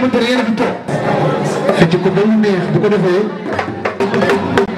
xamante ne yéen a fi toog. ci ko ba mu neex bu ko defee.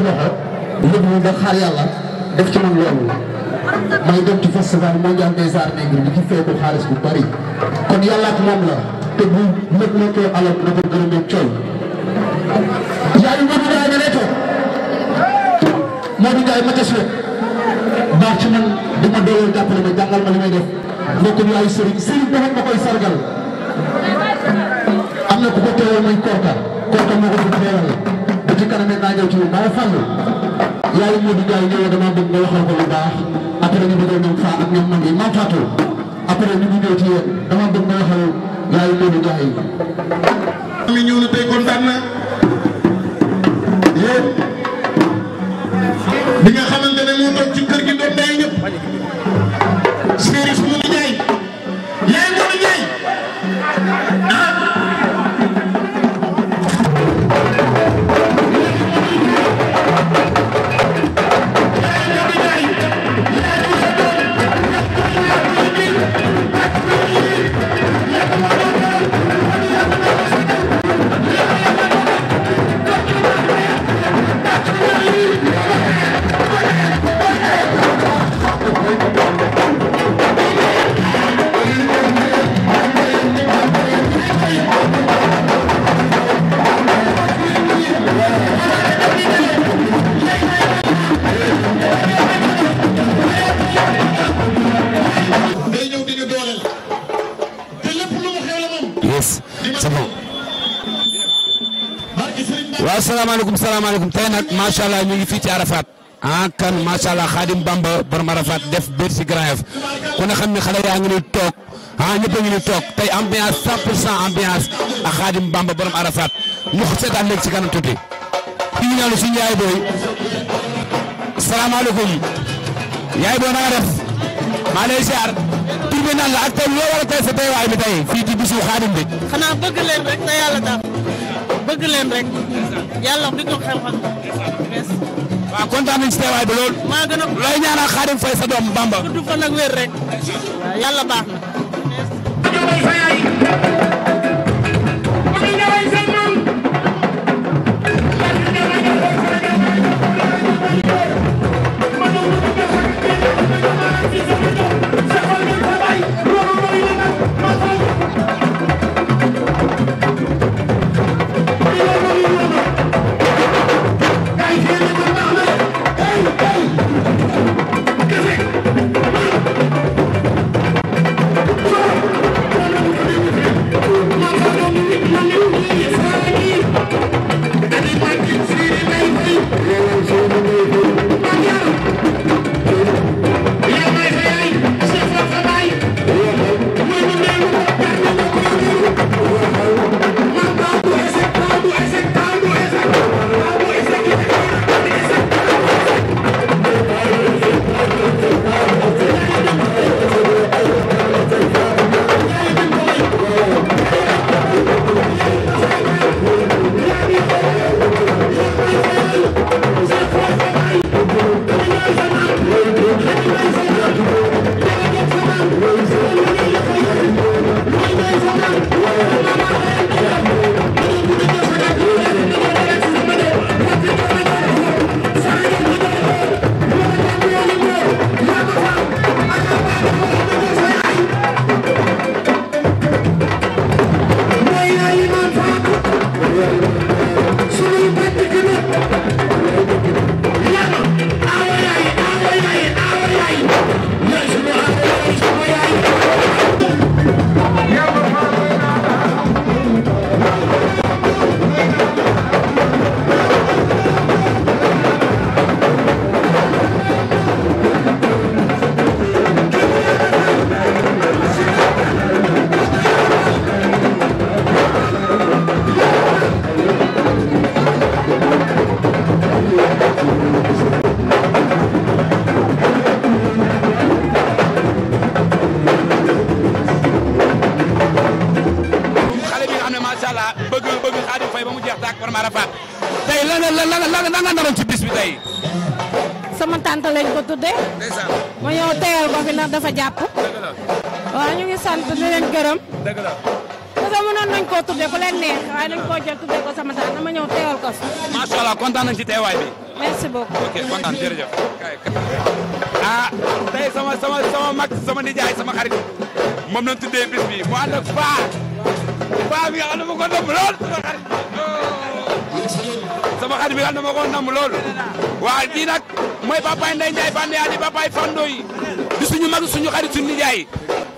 ci loxo lépp ñu def xaar yàlla def ci man loolu may dem ci festival mondial des arts nègres di ci feebu xaalis bu bari kon yàlla ak moom la te bu lépp nekkee alal na ko gën a nekk cooy yaayu Modou Ndiaye nga lay toog Modou Ndiaye ma tes baax ci man di ma dooleel jàppale ma jàngal ma li may def nekkul yaayu sëriñ sëriñ doxam ma koy sargal am na ku ko teewal mooy Korka Korka moo ko fi teewal bu ci kanamee naa ñëw ci yow Baye Fallou yaay Modou Ndiaye ñëw damaa bëgg nga waxal ko lu baax après ñu bëgg ñoom Fane ak ñoom man yi après ñu ñëw ci yéen dama bëgg nga na tey kontaan na yéen bi nga xamante ne moo toog salaamaaleykum salaamaaleykum tey nag macha allah ñu ngi fii ci Arafat ah kan macha allah Xaadim Bamba borom Arafat def biir si Grand Yoff ku ne xam ne xale ah, a ngi nuy toog tey ambiance ambiance ak Xaadim Bamba borom Arafat ñu seetaan léegi ci kanam tuuti. fii ñu ñaanu suñu yaay booy salaamaaleykum yaay booy na nga def maa la ak tey loo a sa bi tey fii ci bisu Xaadim bi. bëgg leen rek yàlla di ko kontaan nañ ci teewaay bi lool. maa a looy ñaanal Xaadim Fay sa Bamba. gudd fan lañ ko tuddee. ma ñëw tegal ko fi ndax dafa jàpp. waaw ñu ngi sant di leen gërëm. dëgg la. parce que mënoon nañ koo tuddee ku leen neex waaye dañ koo jël tuddee ko sama taal dama ñëw tegal ko fi. macha allah kontaan ci teewaay bi. merci beaucoup ok kontaan jërëjëf. ah tey sama sama sama nijaay sama xarit moom lañ tuddee bis bi mu ànd Faa. Faa bi nga xam ma ko dëmm lool sama xarit. sama xarit bi nga xam ne ma ko dëmm lool. waaw kii mooy papaay Ndeye Ndiaye Bande Ali papaay Fando yi suñu mag suñu xarit nijaay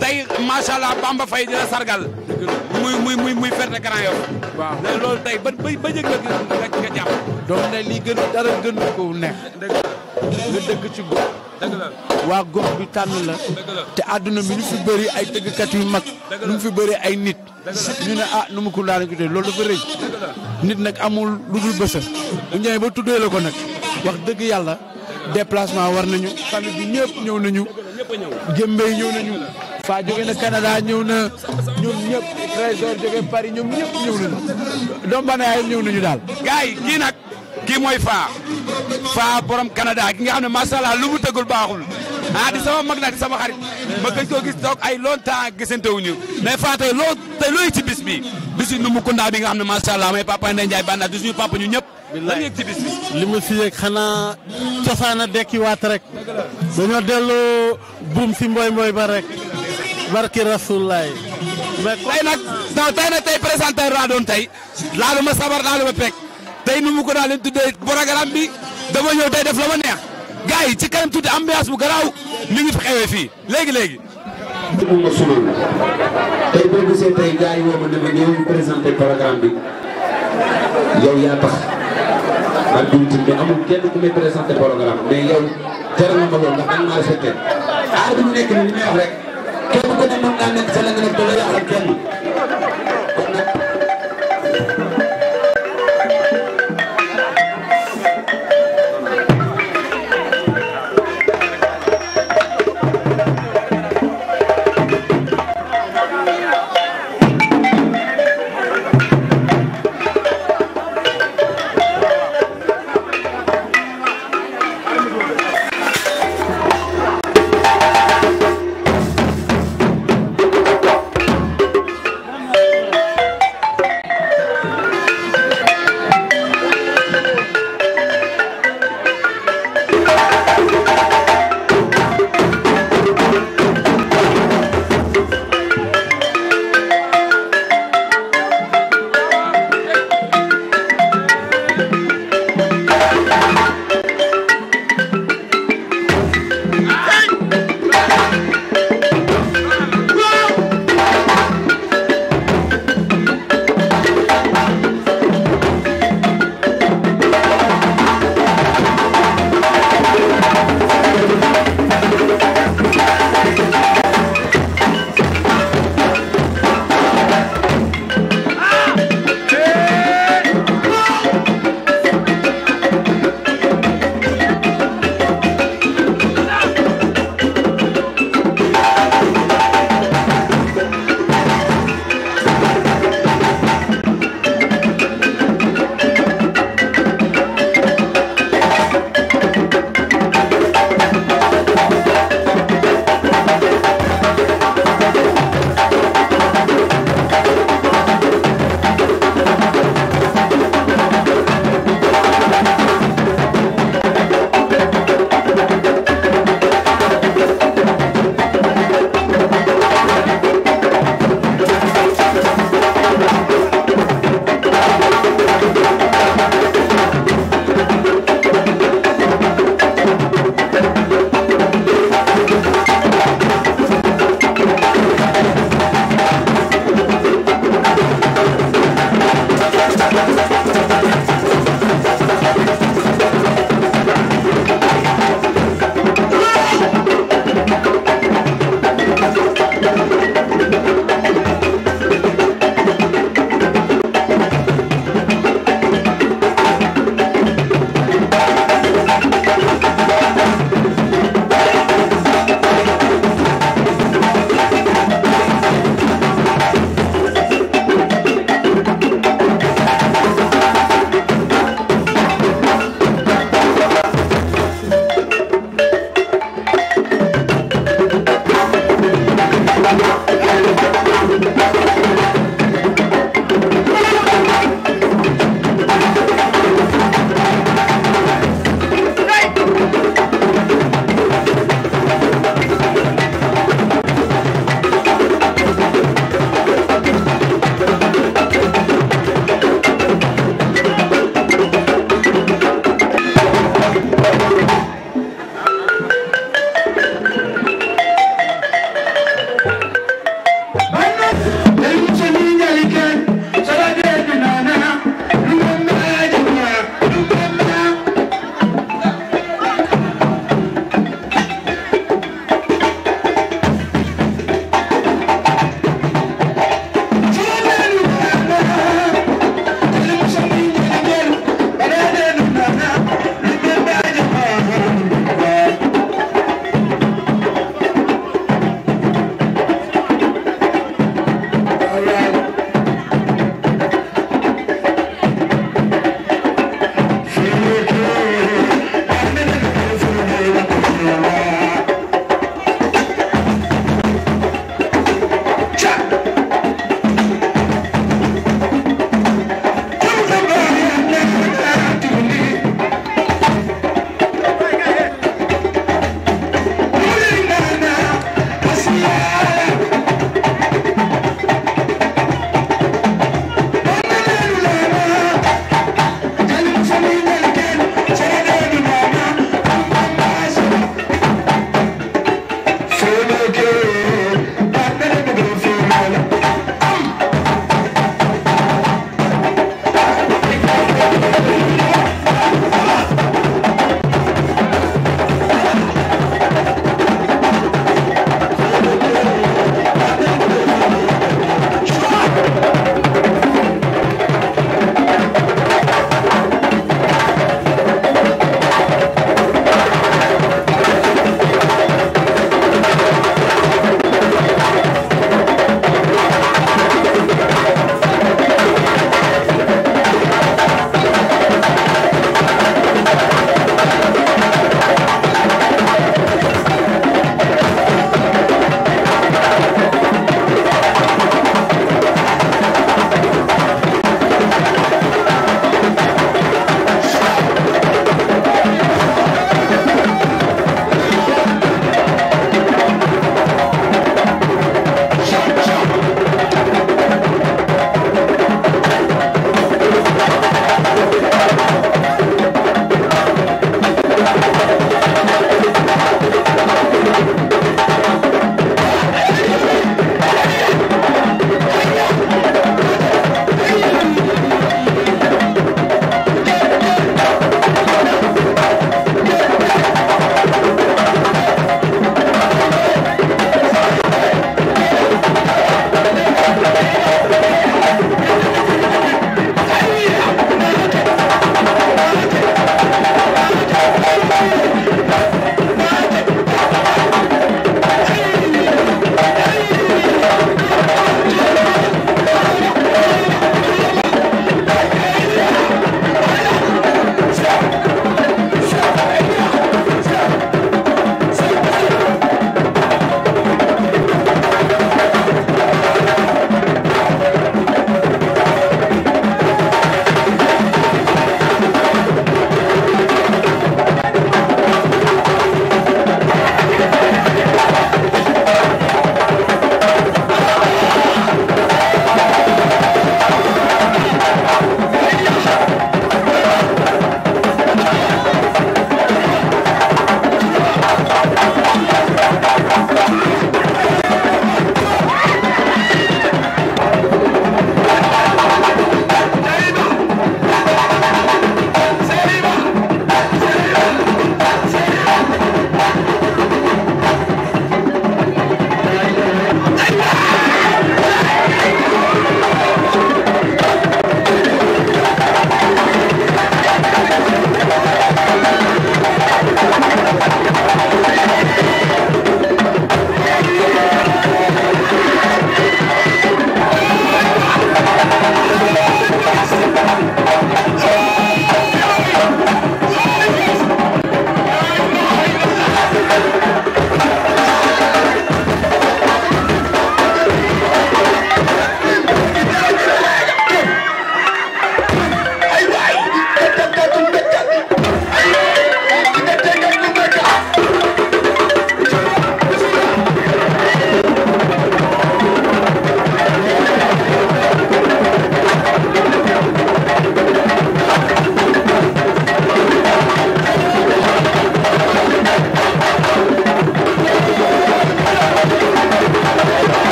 tey macha allah Bamba Faye dina sargal. muy muy muy muy ferte Grand Yoff. waaw mais loolu tey ba ba yëg la nga jàpp. donc ne lii gën dara gën ko neex. nga dëkk ci gox. waa gox bi tànn la. te àdduna bi ñu fi bëri ay tëggkat yu mag. ñu fi bëri ay nit. ñu ne ah nu mu ko daan loolu dafa rëy. nit nag amul lu dul bësa bu ñëwee ba tuddee la ko nag wax dëgg yàlla. déplacement war nañu famille bi ñëpp ñëw nañu jëmbey ñëw nañu fa jóge na Canada ñëw na ñoom ñëpp trésor jóge Paris ñoom ñëpp ñëw nañu doom banaay ñëw nañu daal gars yi kii nag kii mooy faa faa borom Canada ki nga xam ne macha allah lu mu tegul baaxul ah di sama mag nag sama xarit ma gëj koo gis toog ay longtemps gisante wuñu mais faa tey loo tey looy ci bis bi bisu nu mu kundaa bi nga xam ne macha may papa Ndeye Ndiaye Banda du suñu papa ñu ñëpp lan yëg ci bis li ma si yëg xanaa cosaan a dekkiwaat rek dañoo delloo buum si mboy mboy ba rek barki rasulaay mais tey nag tey nag tey présentateur laa doon tey laalu ma sabar laalu ma pek tey nu ko daal leen tuddee programme bi dama ñëw tey def la ma neex gars ci kanam tuddi ambiance bu garaaw ñu ngi fi xewee fii léegi-léegi dugg tey boo gisee tey gars yi woo ma ne ma bi yaa tax ak bulletin mais amul kenn ku may présenté programme mais yow jar na ma lool ndax dañ aar bi mu nekk nii li rek kenn ku ne mën naa nekk sa la nga nekk te la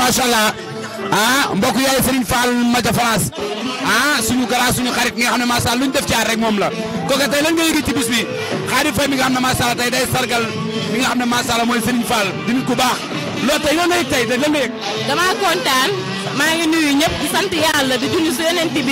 macha allah ah mbokk yaay Serigne Fall Madja France ah suñu gara suñu xarit nga xam ne macha allah lu ñu def ci aar rek moom la kooku tey lan nga yëg ci bis bi xarit fay mi nga xam ne macha allah tey day sargal mi nga xam ne macha allah mooy Serigne Fall di nit ku baax loolu tey lan nga yëg tey lan nga maa ngi nuyu ñëpp sant yàlla di julli su yeneen bi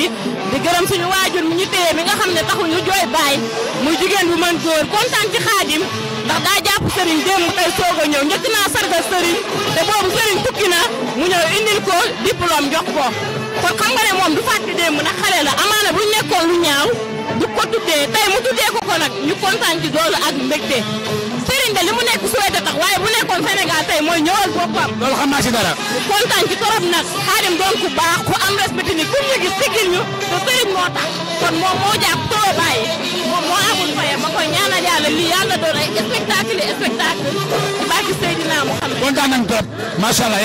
di gërëm suñu waajur mi ñu téye mi nga xam ne taxul ñu jooy bàyyi muy jigéen bu mën góor kontaan ci xaadim ndax daa jàpp sëriñ démb tey soog a ñëw njëkk naa sargal sëriñ te boobu sëriñ tukki na mu ñëw indil ko diplôme jox ko kon moom du fàtte démb nag amaana bu nekkoon lu ñaaw du ko tuddee mu tuddee ko nag ñu kontaan ci loolu ak mbégte. sëriñ de li mu nekk Suède tax waaye bu nekkoon Sénégal tey mooy ñëwal boppam. loolu xam naa ci dara. kontaan ci torop nag Xaadim doon ku baax ku am respect ni ñu gis sigil ñu te sëriñ moo tax kon moom moo jàpp too bàyyi moom moo amul fayam ma koy ñaanal yàlla lii yàlla doon ay spectacle spectacle ci bàkki Seydina Muhammad. kontaan nañ trop macha allah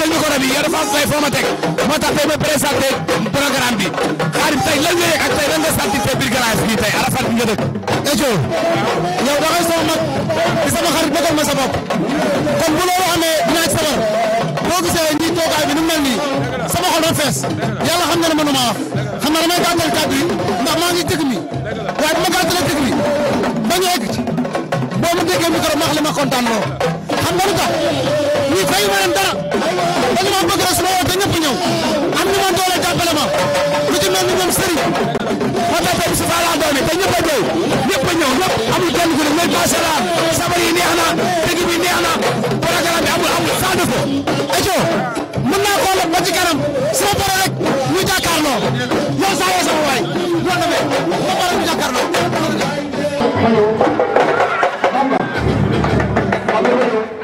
jël micro bi yow dafa am tey foo ma teg moo tax tey ma présenté programme bi xaarim tey lan nga yëg ak tey lan nga sant tey biir garage bi tey Arafat bi nga dëkk. Echo yow da ngay sama mag di sama xarit bëggal ma sa bopp kon bu loolu amee dinaa ci sabar boo gisee nii toogaay bi ni mu mel nii sama xol dafa fees yàlla xam na ne mënuma wax xam na damay gàttal kàddu yi ndax maa ngi dëkk mi waaye bu ma gàttalee dëkk mi bañ a egg ci. boo ma déggee micro ma li ma kontaan loo xam nga lu tax ñii fayu ma leen dara dañu ma bëgg rek su ma woo te ñëpp ñëw am ñu ma doole jàppale ma lu ci mel ni ñoom Serigne ma tàppee bi su fa laa te ñëpp a doy ñëpp a ñëw ñëpp amul kenn ku ne mooy passé la sabar yi neex na dëgg bi neex na programme bi naa koo leb ba ci kanam su rek ñu jàkkaarloo yow saa yoo sama waay loolu la mais ma paree ñu jàkkaarloo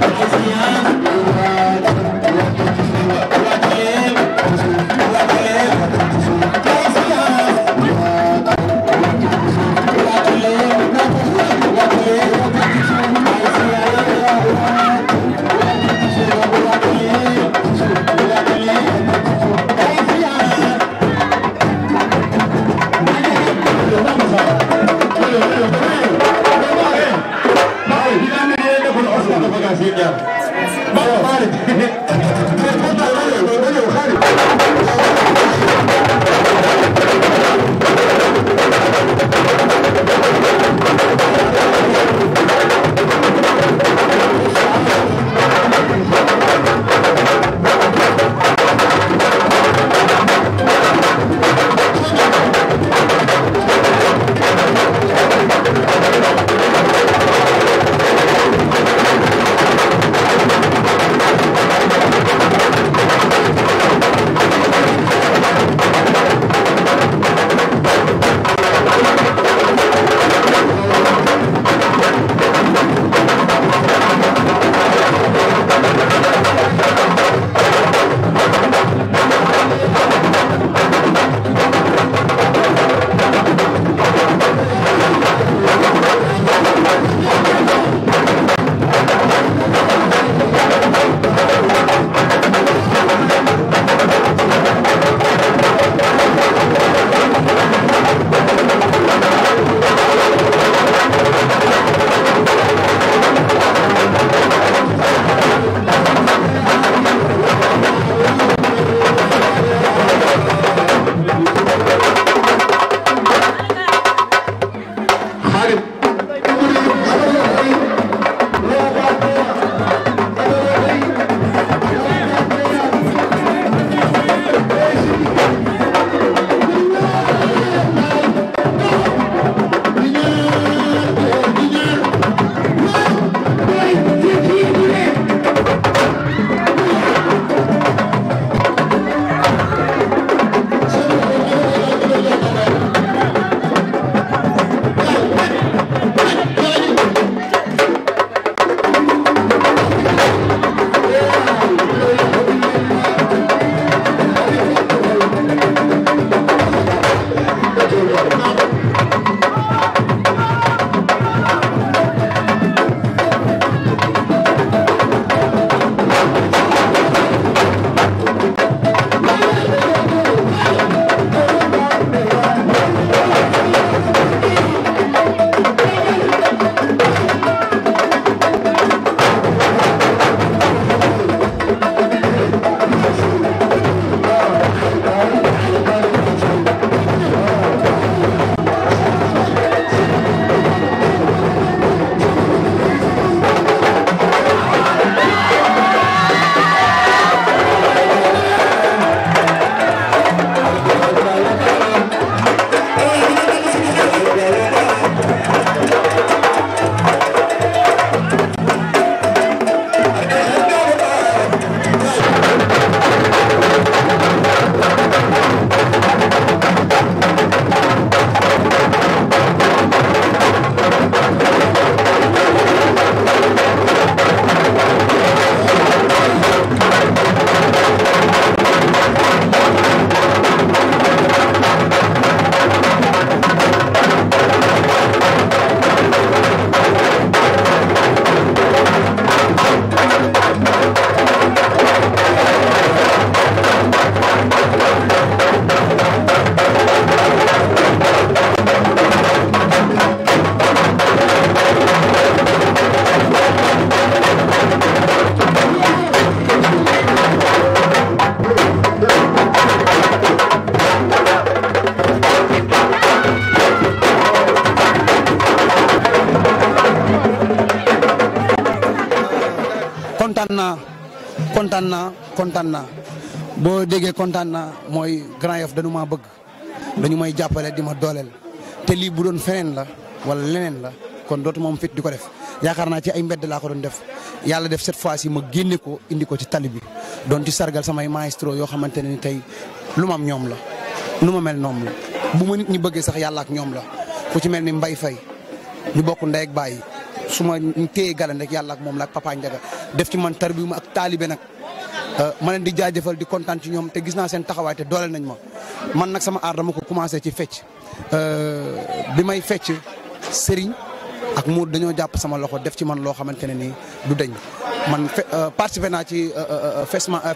Thank you. kontaan naa boo déggee kontaan mooy Grand Yoff dañu maa bëgg dañu may jàppale di ma dooleel te lii bu doon feneen la wala leneen la kon dootu moom fit di ko def yaakaar naa ci ay mbedd laa ko doon def yàlla def cette fois ci ma génne ko indi ko ci tali bi doon ci sargal samay maestro yoo xamante ne ni tey lu ma am ñoom la nu ma mel noom la bu ma nit ñi bëggee sax yàlla ak ñoom la ku ci mel ni mbay fay ñu bokk ndey ak baay su ma téye galan rek yàlla ak moom la ak Papa Ndiaga def nag Euh, ma leen di jaajëfal di kontaan ci ñoom te gis naa seen taxawaay te nañ ma man nag sama aar dama ko commencé ci fecc euh, bi may fecc sëriñ ak muur dañoo jàpp sama loxo def ci man loo xamante ne nii du deñ man euh, participé naa ci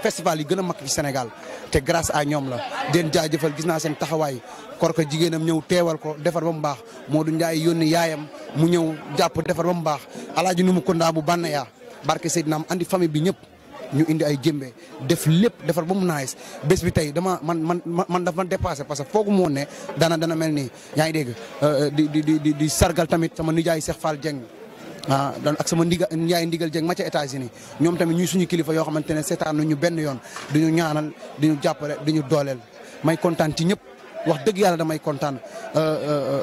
festival yi gën a mag ci Sénégal te grâce à ñoom la den jaajëfal gis naa seen taxawaay kor ko jigéenam ñëw teewal ko defar ba mu baax Modou Ndiaye yónni yaayam mu ñëw jàpp defar ba mu baax alaaji nu mu kondaa bu bànn yaa barke Seydina am andi famille bi ñëpp ñu indi ay jëmbe def lépp defar ba mu naayis bés bi tey dama man man man dafa ma dépassé parce que foogu moon ne dana dana mel nii yaa ngi dégg euh, euh, di di di di sargal tamit sama nijaay Cheikh Fall jeng ah don ak sama ndiga yaay ndigal jëng ma ca États-Unis ñoom tamit ñuy suñu kilifa yoo xamante ne seetaan nañu benn yoon duñu ñaanal duñu jàppale duñu dooleel may kontaan ci ñëpp wax dëgg yàlla damay kontaan euh,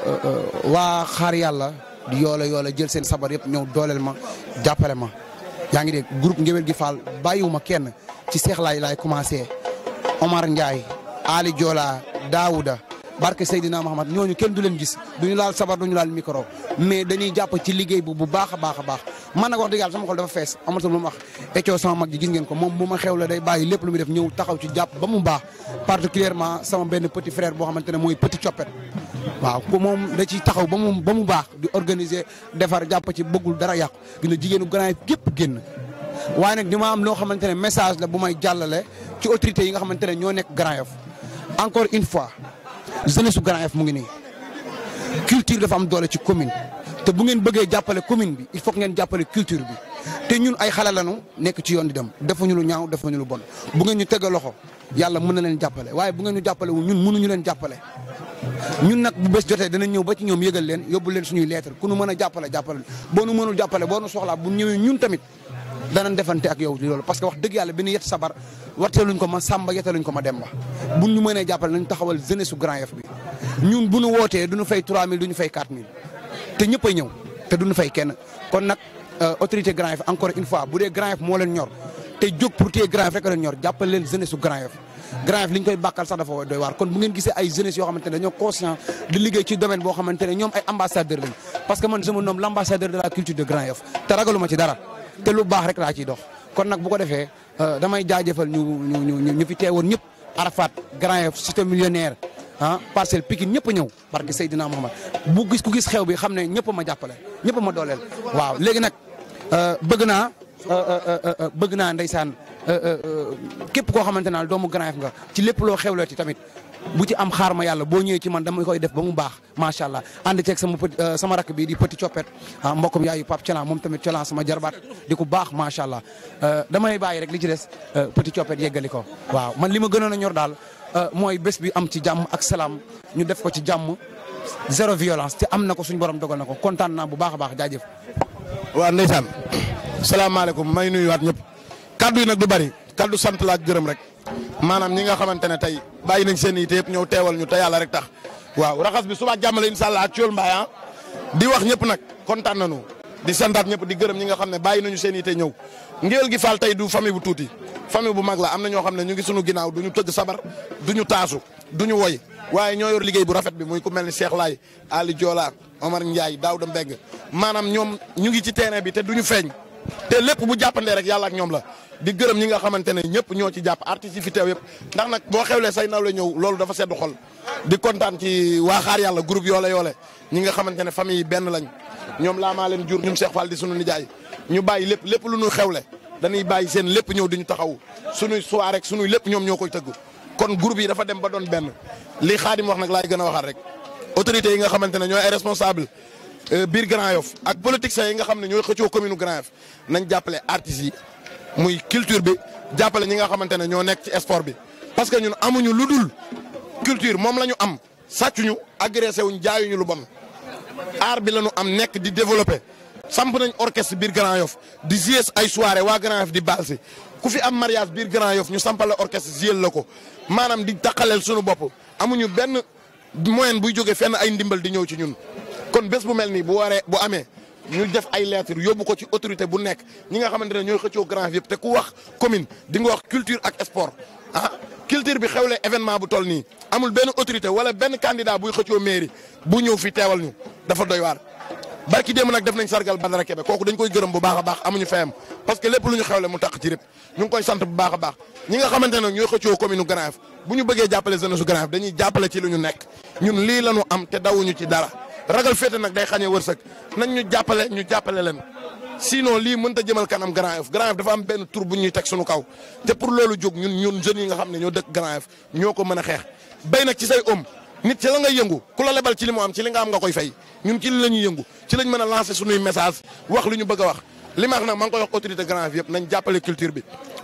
waa xaar yàlla di yoola yoola jël seen sabar yëpp ñëw dooleel ma jàppale ma yaa ngi dégg groupe Ngéwél gi Fall bàyyiwuma kenn ci Seex laay laay commencé Omar Ndiaye Ali Diola Daouda barke a Muhammad ñooñu kenn du leen gis duñu laal sabar duñu laal micro mais dañuy jàpp ci liggéey bu bu baax a baax a baax man nag wax dëgg yàlla sama xol dafa fees amul sama lu mu wax mag ji gis ngeen ko moom bu ma xew la day bàyyi lépp lu muy def ñëw taxaw ci jàpp ba mu baax particulièrement sama benn petit frère boo xamante ne mooy petit coppet waaw ko moom da ci taxaw ba mu ba mu baax di organiser defar jàpp ci bëggul dara yàqu gina jigéenu grand gépp génn waaye nag dima am loo xamante ne message la bu may jàllale ci autorité yi nga xamante ne ñoo nekk Grand Yoff encore une fois jeunesse su Grand mu ngi nii culture dafa am doole ci commune te bu ngeen bëggee jàppale commune bi il faut ngeen jàppale culture bi te ñun ay xale lañu nekk ci yoon di dem defuñu lu ñaaw defuñu lu bon bu ngeen ñu tege loxo yàlla mën na leen jàppale waaye bu ngeen ñu jàppale wu ñun mënuñu leen jàppale. ñun nag bu bés jotee danañ ñëw ba ci ñoom yëgal leen yóbbu leen suñuy lettre ku nu mën a jàppale jàppale boo nu mënul jàppale boo nu soxlaa bu ñëwee ñun tamit danañ defante ak yow loolu parce que wax dëgg yàlla bi ñu yett sabar warteeluñ ko ma sàmba yetteluñ ko ma dem wax buñ ñu mënee jàppale nañ taxawal jeunesse su Grand Yoff bi ñun bu ñu wootee du ñu fay 3000 du ñu fay 4000 te ñëpp a ñëw te du ñu fay kenn kon nag euh, autorité Grand Yoff encore une fois bu dee Grand Yoff moo leen ñor te jóg pour téye Grand Yoff rek a leen ñor jàppale leen jeunesse su Grand Yoff Grand Yoff li ñu koy bàkkal sax dafa doy waar ngeen gisee ay jeunesse yoo ne dañoo conscient di liggéey ci domaine boo xamante ne ñoom ay ambassadeur lañ parce que man je me nomme dara te lu baax rek laa ciy dox kon nag bu ko defee euh, damay jaajëfal ñu ñu ñu fi teewoon ñëpp Arafat Grand Yoff Cité Millionnaire ah parcel Pikine ñëpp a ñëw barke Seydina Mohamad bu gis ku gis xew bi xam ne ñëpp a ma jàppale ñëpp a ma dooleel waaw léegi nag euh, bëgg naa euh, bëgg naa ndeysaan képp koo xamante naa doomu Grand Yoff nga ci lépp loo xew xewloo ci tamit bu ci am xaar ma yàlla boo ñëwee ci man dama koy def ba mu baax macha allah ànd ceeg sama euh, sama rakk bi di petit coppet ah mbokkum yaayu Pape Thialan moom tamit Thialan sama jarbaat di ko baax macha allah euh, damay bàyyi rek li ci des euh, petit coppet yeggali ko waaw man li ma gënoon a ñor daal mooy bes bi am ci jàmm ak salaam ñu def ko ci jàmm zéro violence te am na ko suñu borom dogal na ko kontaan naa bu baax a baax jaajëf. waaw ndeysaan salaamaaleykum may nuyuwaat ñëpp kàddu yi nag du bari kaddu sant la gërëm rek maanaam ñi nga xamante ne tey bàyyi nañ seen yitte yëpp ñëw teewal ñu te yàlla rek tax waaw raxas bi suba jàmmale incha allah ak Thiol Mbaye ah. di wax ñëpp nag kontaan nañu di santaat ñëpp di gërëm ñi nga xam ne bàyyi nañu seen yitte ñëw ngéwél gi faal tey du famille bu tuuti famille bu mag la am na ñoo xam ne ñu ngi suñu ginnaaw du ñu tëgg sabar du ñu taasu du ñu woy waaye ñoo yor liggéey bu rafet bi muy ku mel ni Cheikh Laye Ali Diola Omar Ndiaye Daouda Mbeng maanaam ñoom ñu ngi ci terrain bi te du ñu feeñ te lépp bu jàppandee rek yàlla ak ñoom la di gërëm ñi nga xamante ne ñëpp ñoo ci jàpp artistes yi fi teew yëpp ndax nag boo xewlee say naw la ñëw loolu dafa seddu xol di kontaan ci waa xaar yàlla groupe yoole yoole ñi nga xamante ne famille benn lañ ñoom laa maa leen jur ñun Cheikh Fall di suñu nijaay ñu bàyyi lépp lépp lu ñu xewle dañuy bàyyi seen lépp ñëw di ñu taxaw suñuy soirée rek suñuy lépp ñoom ñoo koy tëgg kon groupe yi dafa dem ba doon benn li Xaadim wax nag laay gën a waxaat rek autorités yi nga xamante ne ñooy ay responsable euh, biir Grand Yoff ak politiciens yi nga xam ne ñooy xëccoo commune Grand nañ jàppale artistes yi muy culture bi jàppale ñi nga xamante ne ñoo nekk ci sport bi parce que ñun amuñu lu dul culture moom la ñu am sàccuñu agressé wuñ jaayuñu lu bon aar bi la ñu am nekk di développé. samp nañ orchestre biir Grand Yoff di gies ay soirée waa Grand Yoff di baal si ku fi am mariage biir Grand Yoff ñu sampale orchestre giel la ko maanaam di taqaleel suñu bopp amuñu benn moyen buy jóge fenn ay ndimbal di ñëw ci ñun kon bés bu mel nii bu waree bu amee. ñu def ay lettres yóbbu ko ci autorité bu nekk ñi nga xamante ne ñooy xëccoo grand yëpp te ku wax commune di nga wax culture ak sport ah culture bi xewle événement bu toll nii amul benn autorité wala benn candidat buy xëccoo mairie bu ñëw fi teewal ñu dafa doy waar. barki démb nag def nañ sargal Badara Kebe kooku dañ koy gërëm bu baax a baax amuñu fayam parce que lépp lu ñu xewle mu tax ci rëb ñu koy sant bu baax a baax ñi nga xamante ne ñooy xëccoo commune Grand Yoff bu ñu bëggee jàppale jeunesse su Grand Yoff dañuy ci lu ñu nekk ñun lii la ñu am te dawuñu ci dara. ragal féete nag day xañee wërsëg nañ ñu jàppale ñu jàppale leen sinon lii mën ta jëmal kanam Grand Yoff Grand Yoff dafa am benn tour bu ñuy teg suñu kaw te pour loolu jóg ñu ñun jeunes yi nga xam ne ñoo dëkk Grand Yoff ñoo ko mën a xeex béy nag ci say om nit ci la nga yëngu ku la lebal ci li mu am ci li nga am nga koy fay ñun ci li la ñuy yëngu ci lañ mën a lancer suñuy message wax lu ñu bëgg a wax li ma wax nag maa ngi koy wax autorité grand vie yëpp nañ jàppale culture bi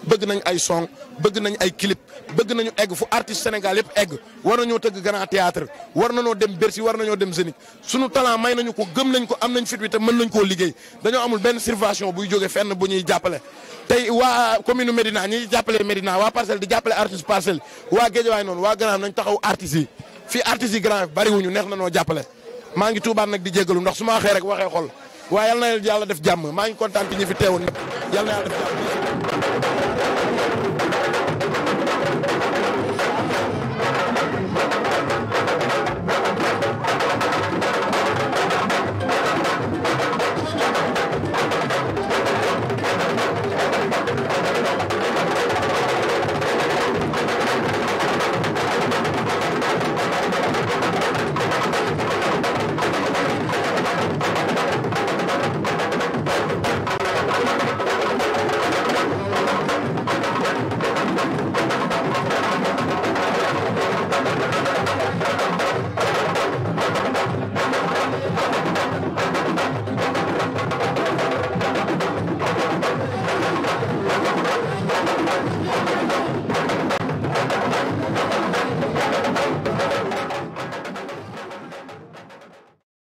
bëgg nañ ay song bëgg nañ ay clip bëgg nañu egg fu artiste Sénégal yëpp egg war nañoo tëgg grand théâtre war nañoo dem Bercy war nañoo dem Zénith suñu talent may nañu ko gëm nañ ko am nañ fit wi te mën nañ ko liggéey dañoo amul benn subvention buy jóge fenn bu ñuy jàppale tey waa commune Médina ñi jàppale Médina waa parcelle di jàppale artiste parcelle waa Guédiawaye noonu waa Grand nañ taxaw artistes yi fii artistes yi grand bari wuñu neex na noo jàppale maa ngi tuubaat nag di jéggalu ndax su ma waxee rek waxee xol waaye yal na yàlla def jàmm maa ngi kontaan ci ñi fi teewoon yal na yàlla def jàmm